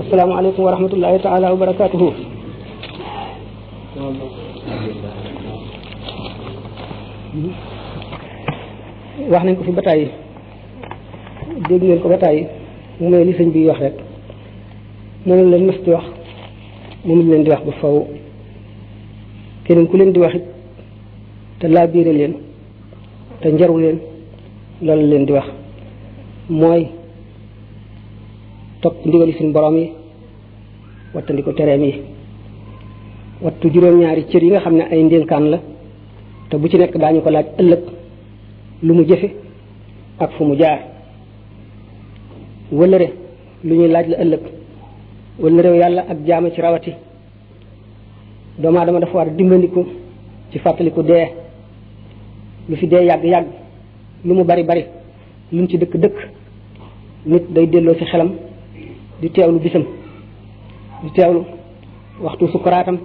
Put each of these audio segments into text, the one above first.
asalaamaaleykum wa rahmatullahi taala wa barakaatuhu wax nañ ko fi bataay yi dégg ngeen ko bataay yi mu mel li sëñ bi wax rek mënul leen mës di wax mënul leen di wax ba faw keneen ku leen di wax it te laabiire leen te njaru leen leen di wax mooy topp ndigali suñu borom yi wattandiku tereem yi wattu juróom-ñaari cër yi nga xam ne ay ndénkaan la te bu ci nekk daañu ko laaj ëllëg lu mu jëfe ak fu mu jaar wëllëre lu ñuy laaj la ëllëg wëllërew yàlla ak jaama ci rawati doomu aadama dafa war a dimbandiku ci fàttaliku dee lu fi dee yàgg-yàgg lu mu bari bari lu mu ci dëkk dëkk nit day delloo ci xelam di teewlu bisam di teewlu waxtu sukkuraatam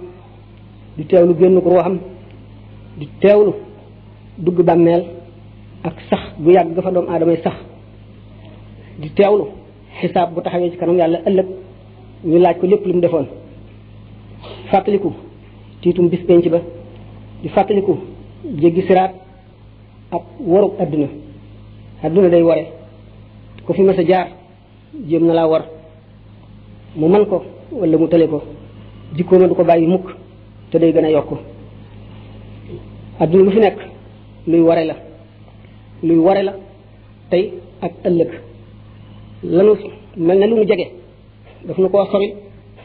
di teewlu génnuk ruuxam di teewlu dugg bàmmeel ak sax gu yàgg ga fa doomu aadamay sax di teewlu xisaab bu taxawee ci kanam yàlla ëllëg ñu laaj ko lépp lu mu defoon fàttaliku tiitum bis penc ba di fàttaliku jéggi siraat ak warug àdduna àdduna day ware ku fi mës a jaar jéem na laa war mu mën ko wala mu tële ko jikkooma du ko bàyyi mukk te day gën a yokk adduna lu fi nekk luy ware la luy ware la tey ak ëllëg lanu mel na lu mu jege daf nu koo sori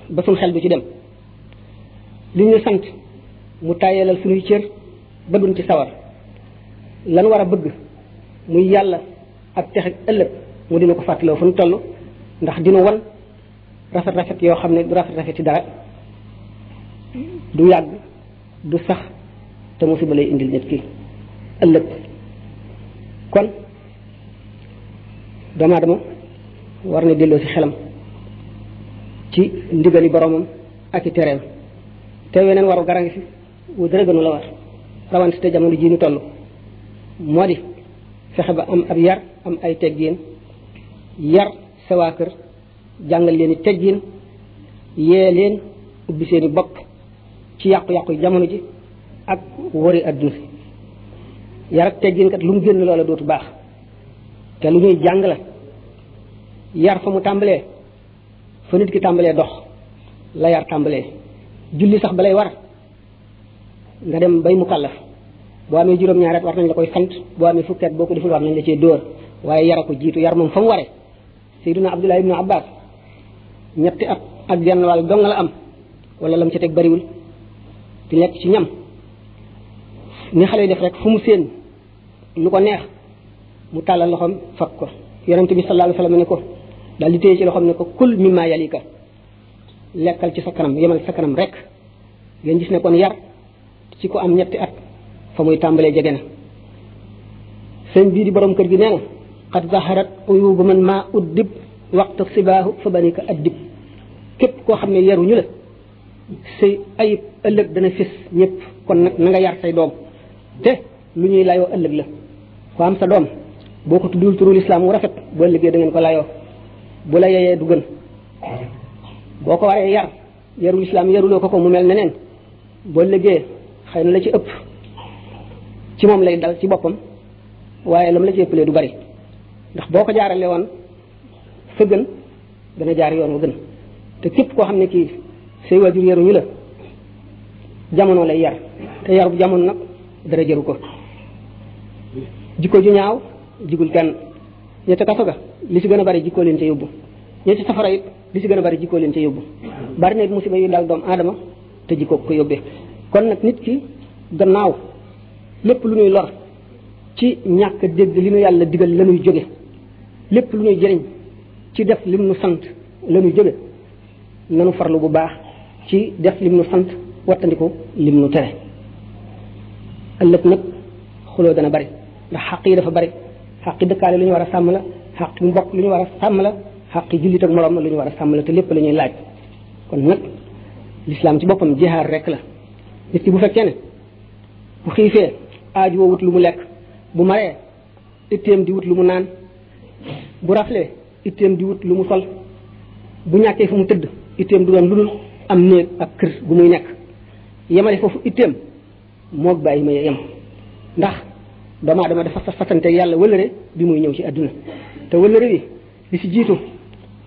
ba suñ xel du ci dem li ñu sant mu tàyyeelal suñuy cër ba ci sawar lan war a bëgg muy yàlla ak texe ëllëg mu dina ko fàttaloo fu nu toll ndax dina wan rafet rafet yoo xam ne du rafet rafet ci dara du yàgg du sax te musiba lay indil nit ki ëllëg kon doomu aadama war na delloo ci xelam ci ndigali boromam ak i tereem te weneen waru gara ngi fi wu dara gënu la war rawante te jamono jii ñu toll moo di fexe ba am ab yar am ay teggiin yar sa waa kër jàngal leen i teggin yee leen ubbi seeni bopp ci yàqu-yàqu jamono ji ak wari adduna si yar ak teggin kat lu mu génn loola dootu baax te lu ñuy jàng la yar fa mu tàmbalee fa nit ki tàmbalee dox la yar tàmbalee julli sax balay war nga dem bay mu kàllaf boo amee juróom-ñaari at war nañ la koy sant boo ko deful war nañ la cee dóor waaye yara ko jiitu yar moom fa mu waree Seydina Abdullah ibnu Abbas ñetti at ak genn wàll dong la am wala lam ci teg bariwul di lekk ci ñam ni xale yi def rek fu mu séen lu ko neex mu tàllal loxoom fag ko yonente bi sallallahu alayhi ne ko daal di téye ci loxoom ne ci sa kanam yemal sa kanam rek ngeen gis ne kon yar ci ko am ñetti at fa muy tàmbalee jege na sëñ bii di borom kër gi nee na xat zaharat uyubu man maa uddib waxtu sibaahu fa banika addib képp koo xam ne yaruñu la say ayib ëllëg dana fis ñëpp kon nag na nga yar say doom te lu ñuy layoo ëllëg la ko am sa doom boo ko tuddul turu lislaam wu rafet boo liggéey da ngeen ko layoo bu la yeyee du gën boo ko waree yar yaru lislaam yaruloo ko ko mu mel neneen boo liggéey xëy na la ci ëpp ci moom lay dal ci boppam waaye la mu la ci ëppalee du bari ndax boo ko jaaralee woon fa gën dana jaar yoon wu gën te képp koo xam ne kii say waajur yaruñu la jamono lay yar te yar bu jamono nag dara jëru ko jikko ju ñaaw jigul kenn ñetti kaso ga li ci gën a bari jikkoo leen ca yóbbu ñetti safara it li ci gën a bari jikkoo leen ca yóbbu bari na musiba yu daal doomu aadama te jikkoo ko yóbbee kon nag nit ki gannaaw lépp lu ñuy lor ci ñàkk dégg li nu yàlla digal la ñuy jóge lépp lu ñuy jëriñ ci def lim nu sant la ñuy jóge nanu farlu bu baax ci def lim nu sant wattandiku lim nu tere ëllëg nag xuloo dana bari ndax xaq yi dafa bari xaq yi dëkkaale lu ñu war a sàmm la xaq yi mbokk lu ñu war a sàmm la xaq yi jullit ak moroom la lu ñu war a sàmm la te lépp lañuy laaj kon nag lislaam ci boppam jihaar rek la nit ki bu fekkee ne bu xiifee aajowoo wut lu mu lekk bu maree itteem di wut lu mu naan bu raflee itteem di wut lu mu sol bu ñàkkee fu mu tëdd itteem du doon lu dul am néeg ak kër gu muy nekk yemale foofu itteem moog bàyyi ma yem ndax doomu aadama dafa fasante yàlla wëllëre bi muy ñëw ci àdduna te wëllëre bi li ci jiitu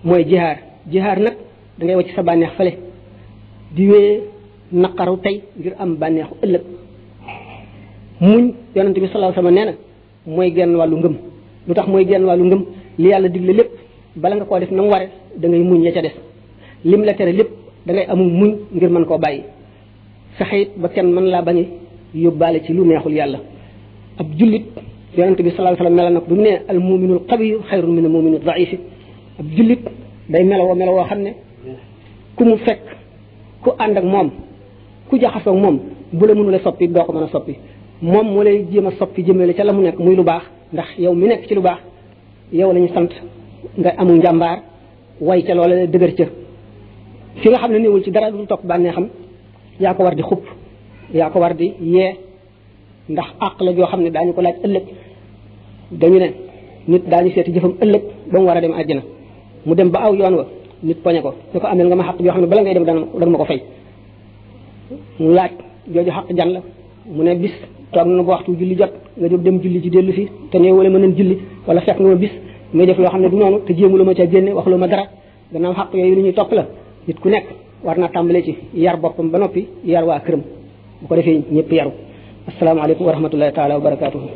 mooy jihaar jihaar nag dangay ngay wàcc sa bànneex fële di wéyee naqaru tey ngir am bànneexu ëllëg muñ yonante bi sallallahu alayhi nee na mooy genn wàllu ngëm lu tax mooy genn wàllu ngëm li yàlla digle lépp bala nga koo def na mu dangay da muñ ya ca des lim la tere lépp dangay amul muñ ngir mën koo bàyyi fexe it ba kenn mën laa bañ yóbbaale ci lu neexul yàlla ab jullit yonente bi sallallahu alayhi wasallam mela mu ne al muminul qawiyu xayrun min al muminu daifi ab jullit day melawoo melawoo xam ne ku mu fekk ku ànd ak moom ku jaxasoo moom bu la mënula soppi doo ko mën a soppi moom moo lay jéem a soppi jëmale ca la mu nekk muy lu baax ndax yow mi nekk ci lu baax yow lañu ñu sant nga amul njàmbaar way ca loola dëgër ca fi nga xam ne néewul ci dara du topp bànnee xam yaa ko war di xupp yaa ko war di yee ndax àq la joo xam ne daañu ko laaj ëllëg dañu ne nit daañu seeti jëfam ëllëg ba mu war a dem na mu dem ba aw yoon wa nit poñe ko ne ko amel nga ma xaq joo xam ne bala ngay dem danga ma ko fay mu laaj jooju xaq jan la mu ne bis na ba waxtu julli jot nga jóg dem julli ci dellu si te nee wala mën nañ julli wala fekk nga ma bis may def loo xam ne du noonu te la ma ca génne waxuloo ma dara gannaaw xaq yooyu lu ñuy topp la nit ku nekk war na tàmbalee ci yar boppam ba noppi yar waa këram bu ko defee ñëpp yaru asalaamaaleykum wa rahmatullahi taala wa barakaatuhu